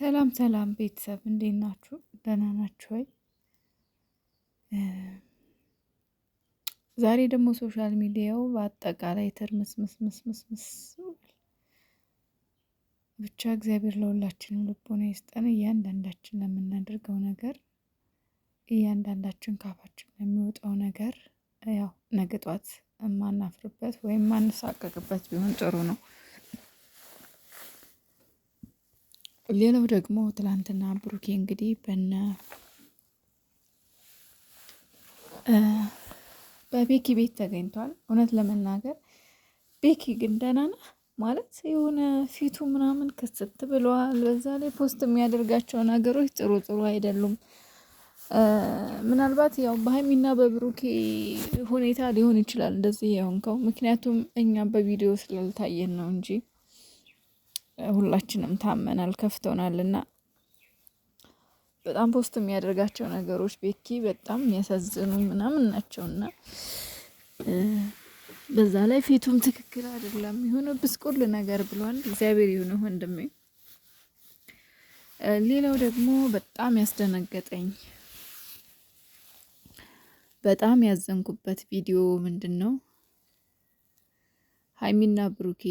ሰላም ሰላም ቤተሰብ እንዴት ናችሁ? ደህና ናችሁ ወይ? ዛሬ ደግሞ ሶሻል ሚዲያው በአጠቃላይ ትርምስምስምስምስ ብቻ። እግዚአብሔር ለሁላችንም ልቦና ይስጠን። እያንዳንዳችን ለምናደርገው ነገር፣ እያንዳንዳችን ካፋችን ለሚወጣው ነገር ያው ነገ ጧት የማናፍርበት ወይም ማንሳቀቅበት ቢሆን ጥሩ ነው። ሌላው ደግሞ ትላንትና ብሩኬ እንግዲህ በነ በቤኪ ቤት ተገኝቷል። እውነት ለመናገር ቤኪ ግን ደህና ማለት የሆነ ፊቱ ምናምን ክስት ብለዋል። በዛ ላይ ፖስት የሚያደርጋቸው ነገሮች ጥሩ ጥሩ አይደሉም። ምናልባት ያው በሀይሚና በብሩኬ ሁኔታ ሊሆን ይችላል እንደዚህ የሆንከው። ምክንያቱም እኛ በቪዲዮ ስላልታየን ነው እንጂ ሁላችንም ታመናል፣ ከፍቶናል እና በጣም ፖስት የሚያደርጋቸው ነገሮች ቤኪ በጣም የሚያሳዝኑ ምናምን ናቸውና በዛ ላይ ፊቱም ትክክል አይደለም። የሆነ ብስቁል ነገር ብሏል። እግዚአብሔር የሆነ ወንድሜ። ሌላው ደግሞ በጣም ያስደነገጠኝ በጣም ያዘንኩበት ቪዲዮ ምንድን ነው ሀይሚና ብሩኬ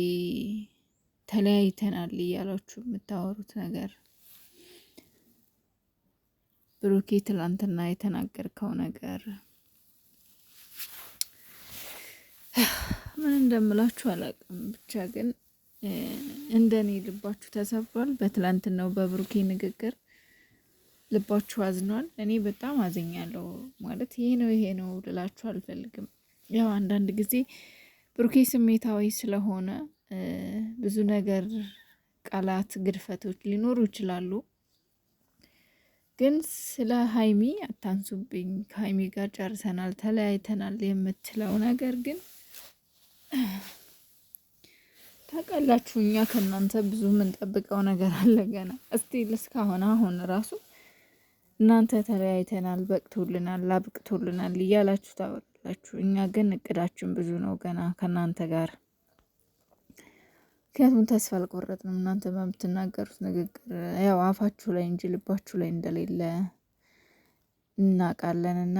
ተለያይተናል እያላችሁ የምታወሩት ነገር ብሩኬ ትላንትና የተናገርከው ነገር ምን እንደምላችሁ አላውቅም። ብቻ ግን እንደኔ ልባችሁ ተሰብሯል። በትላንትናው በብሩኬ ንግግር ልባችሁ አዝኗል። እኔ በጣም አዝኛለሁ። ማለት ይሄ ነው ይሄ ነው ልላችሁ አልፈልግም። ያው አንዳንድ ጊዜ ብሩኬ ስሜታዊ ስለሆነ ብዙ ነገር ቃላት ግድፈቶች ሊኖሩ ይችላሉ። ግን ስለ ሀይሚ አታንሱብኝ፣ ከሀይሚ ጋር ጨርሰናል፣ ተለያይተናል የምትለው ነገር ግን ታውቃላችሁ እኛ ከእናንተ ብዙ የምንጠብቀው ነገር አለ ገና እስቲ እስካሁን አሁን ራሱ እናንተ ተለያይተናል፣ በቅቶልናል፣ ላብቅቶልናል እያላችሁ ታወራላችሁ። እኛ ግን እቅዳችን ብዙ ነው ገና ከእናንተ ጋር ምክንያቱም ተስፋ አልቆረጥንም። እናንተ በምትናገሩት ንግግር ያው አፋችሁ ላይ እንጂ ልባችሁ ላይ እንደሌለ እናውቃለንና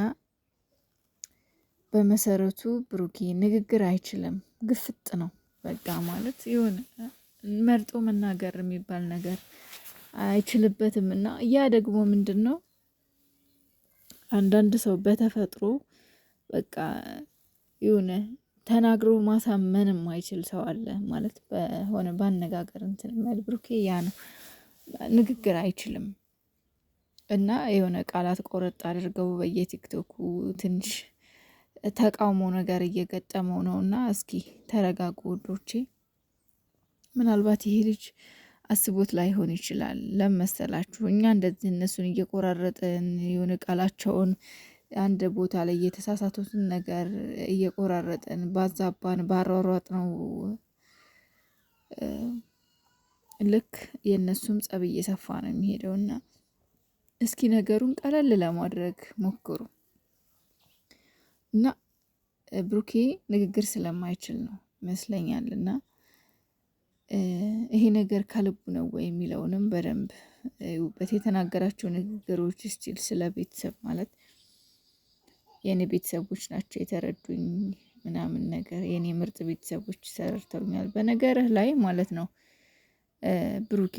በመሰረቱ ብሩኬ ንግግር አይችልም፣ ግፍጥ ነው በቃ ማለት የሆነ መርጦ መናገር የሚባል ነገር አይችልበትም። እና ያ ደግሞ ምንድን ነው አንዳንድ ሰው በተፈጥሮ በቃ የሆነ ተናግሮ ማሳመን የማይችል ሰው አለ ማለት በሆነ በአነጋገር እንትን የሚል ብሩኬ ያ ነው። ንግግር አይችልም እና የሆነ ቃላት ቆረጥ አድርገው በየቲክቶኩ ትንሽ ተቃውሞ ነገር እየገጠመው ነው። እና እስኪ ተረጋጉ ወዶቼ። ምናልባት ይሄ ልጅ አስቦት ላይሆን ይችላል ለመሰላችሁ እኛ እንደዚህ እነሱን እየቆራረጥን የሆነ ቃላቸውን አንድ ቦታ ላይ የተሳሳቱትን ነገር እየቆራረጥን ባዛባን ባሯሯጥ ነው ልክ የእነሱም ጸብ እየሰፋ ነው የሚሄደውና እስኪ ነገሩን ቀለል ለማድረግ ሞክሩ እና ብሩኬ ንግግር ስለማይችል ነው ይመስለኛል። እና ይሄ ነገር ከልቡ ነው ወይ የሚለውንም በደንብ በት የተናገራቸው ንግግሮች ስቲል ስለ ቤተሰብ ማለት የኔ ቤተሰቦች ናቸው የተረዱኝ ምናምን ነገር የኔ ምርጥ ቤተሰቦች ሰርተውኛል። በነገርህ ላይ ማለት ነው ብሩኬ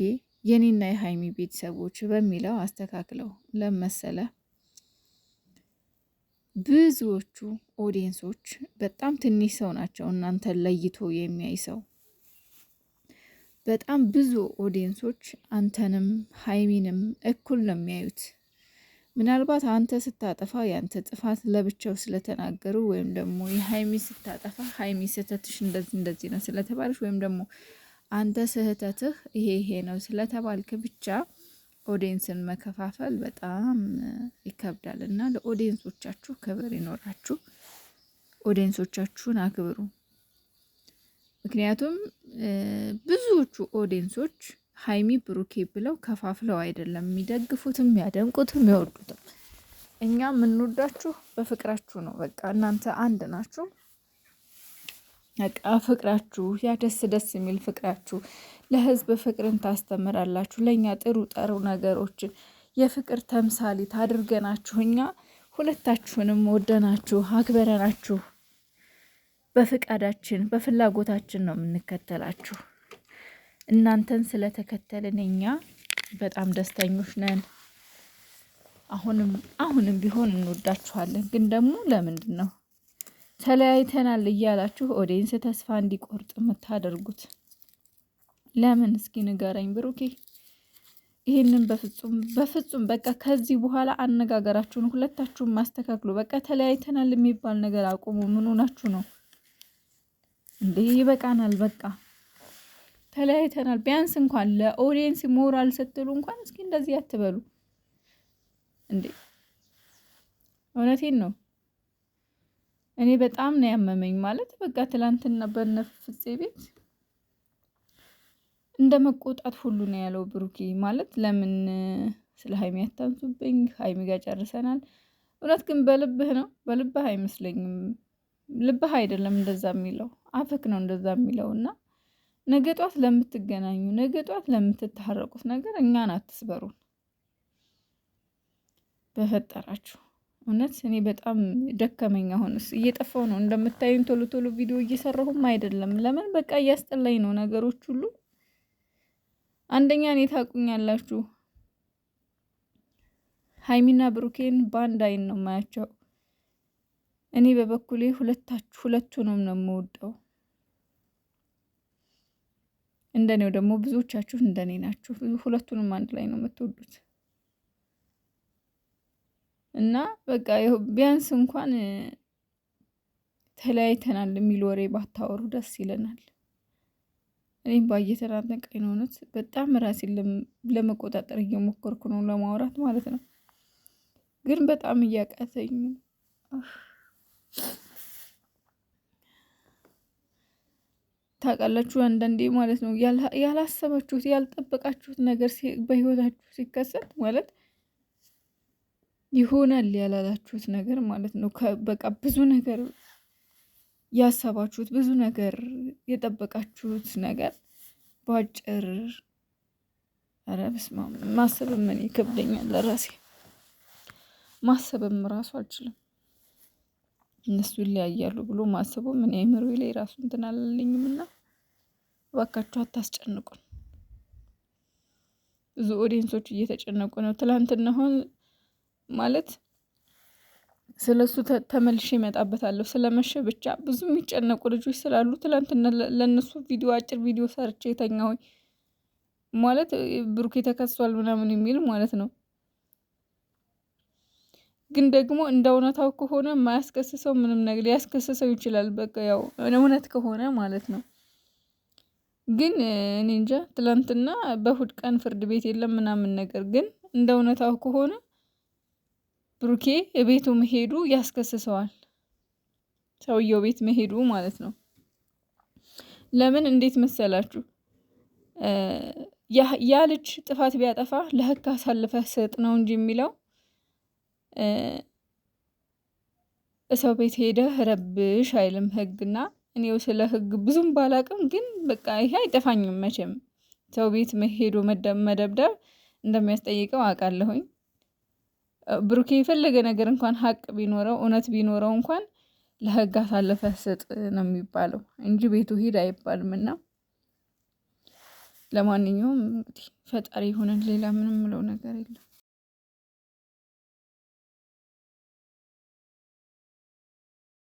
የኔና የሀይሚ ቤተሰቦች በሚለው አስተካክለው ለመሰለ ብዙዎቹ ኦዲየንሶች በጣም ትንሽ ሰው ናቸው። እናንተን ለይቶ የሚያይ ሰው በጣም ብዙ ኦዲየንሶች አንተንም ሀይሚንም እኩል ነው የሚያዩት። ምናልባት አንተ ስታጠፋ ያንተ ጥፋት ለብቻው ስለተናገሩ ወይም ደግሞ የሀይሚ ስታጠፋ ሀይሚ ስህተትሽ እንደዚህ እንደዚህ ነው ስለተባልሽ ወይም ደግሞ አንተ ስህተትህ ይሄ ይሄ ነው ስለተባልክ ብቻ ኦዲየንስን መከፋፈል በጣም ይከብዳል እና ለኦዲየንሶቻችሁ ክብር ይኖራችሁ። ኦዲየንሶቻችሁን አክብሩ። ምክንያቱም ብዙዎቹ ኦዲየንሶች ሀይሚ ብሩኬ ብለው ከፋፍለው አይደለም የሚደግፉትም ያደንቁትም የሚወዱትም። እኛ የምንወዳችሁ በፍቅራችሁ ነው። በቃ እናንተ አንድ ናችሁ። በቃ ፍቅራችሁ ያ ደስ ደስ የሚል ፍቅራችሁ ለህዝብ ፍቅርን ታስተምራላችሁ። ለእኛ ጥሩ ጠሩ ነገሮችን የፍቅር ተምሳሌት አድርገናችሁ እኛ ሁለታችሁንም ወደናችሁ አክበረናችሁ በፍቃዳችን በፍላጎታችን ነው የምንከተላችሁ። እናንተን ስለተከተልን እኛ በጣም ደስተኞች ነን። አሁንም አሁንም ቢሆን እንወዳችኋለን። ግን ደግሞ ለምንድን ነው ተለያይተናል እያላችሁ ኦዲየንስ ተስፋ እንዲቆርጥ የምታደርጉት ለምን? እስኪ ንገረኝ ብሩኬ። ይህንን በፍጹም በፍጹም በቃ ከዚህ በኋላ አነጋገራችሁን ሁለታችሁን ማስተካክሉ። በቃ ተለያይተናል የሚባል ነገር አቁሙ። ምን ሆናችሁ ነው እንዴ? ይበቃናል በቃ። ተለያይተናል። ቢያንስ እንኳን ለኦዲየንስ ሞራል ስትሉ እንኳን እስኪ እንደዚህ አትበሉ እንዴ! እውነቴን ነው። እኔ በጣም ነው ያመመኝ። ማለት በቃ ትላንትና በነፍፄ ቤት እንደ መቆጣት ሁሉ ነው ያለው ብሩኬ። ማለት ለምን ስለ ሀይሚ ያታንሱብኝ? ሀይሚ ጋር ጨርሰናል። እውነት ግን በልብህ ነው። በልብህ አይመስለኝም። ልብህ አይደለም እንደዛ የሚለው አፍክ ነው እንደዛ የሚለው እና ነገ ጧት ለምትገናኙ፣ ነገ ጧት ለምትታረቁት ነገር እኛን አትስበሩን በፈጠራችሁ። እውነት እኔ በጣም ደከመኝ። አሁንስ እየጠፋው ነው እንደምታዩኝ። ቶሎ ቶሎ ቪዲዮ እየሰራሁም አይደለም። ለምን በቃ እያስጠላኝ ነው ነገሮች ሁሉ። አንደኛ እኔ ታቁኛላችሁ ሀይሚና ብሩኬን በአንድ አይን ነው ማያቸው። እኔ በበኩሌ ሁለታችሁ ሁለቱንም ነው የምወደው። እንደኔው ደግሞ ብዙዎቻችሁ እንደኔ ናችሁ። ሁለቱንም አንድ ላይ ነው የምትወዱት እና በቃ ቢያንስ እንኳን ተለያይተናል የሚል ወሬ ባታወሩ ደስ ይለናል። እኔም ባየተናነቀኝ ነው እውነት በጣም ራሴን ለመቆጣጠር እየሞከርኩ ነው ለማውራት ማለት ነው፣ ግን በጣም እያቃተኝ ታውቃላችሁ። አንዳንዴ ማለት ነው ያላሰባችሁት ያልጠበቃችሁት ነገር በህይወታችሁ ሲከሰት ማለት ይሆናል ያላላችሁት ነገር ማለት ነው። በቃ ብዙ ነገር ያሰባችሁት ብዙ ነገር የጠበቃችሁት ነገር በአጭር ኧረ በስመ አብ ማሰብም እኔ ይከብደኛል ለራሴ ማሰብም ራሱ አልችልም። እነሱ ይለያያሉ ብሎ ማሰቡ ምን አይምሮ ላይ ራሱ እንትን አላለኝም እና እባካችሁ አታስጨንቁን። ብዙ ኦዲየንሶች እየተጨነቁ ነው። ትላንትና አሁን ማለት ስለ እሱ ተመልሼ እመጣበታለሁ። ስለመሸ ብቻ ብዙ የሚጨነቁ ልጆች ስላሉ ትላንትና ለእነሱ ቪዲዮ አጭር ቪዲዮ ሰርቼ የተኛ ሆይ ማለት ብሩኬ ተከሷል ምናምን የሚል ማለት ነው። ግን ደግሞ እንደ እውነታው ከሆነ ማያስከስሰው ምንም ነገር ሊያስከስሰው ይችላል። በቃ ያው እውነት ከሆነ ማለት ነው። ግን እኔ እንጃ ትላንትና በእሁድ ቀን ፍርድ ቤት የለም ምናምን ነገር ግን እንደ እውነታው ከሆነ ብሩኬ ቤቱ መሄዱ ያስከስሰዋል። ሰውየው ቤት መሄዱ ማለት ነው። ለምን እንዴት መሰላችሁ? ያ ልጅ ጥፋት ቢያጠፋ ለህግ አሳልፈህ ስጥ ነው እንጂ የሚለው ሰው ቤት ሄደህ ረብሽ አይልም ህግና። እኔው ስለ ህግ ብዙም ባላቅም ግን በቃ ይሄ አይጠፋኝም መቼም ሰው ቤት መሄዱ መደብደብ እንደሚያስጠይቀው አውቃለሁኝ። ብሩኬ የፈለገ ነገር እንኳን ሀቅ ቢኖረው እውነት ቢኖረው እንኳን ለህግ አሳልፈ ስጥ ነው የሚባለው እንጂ ቤቱ ሂድ አይባልም። እና ለማንኛውም እንግዲህ ፈጣሪ ይሁነን። ሌላ ምንም ምለው ነገር የለም።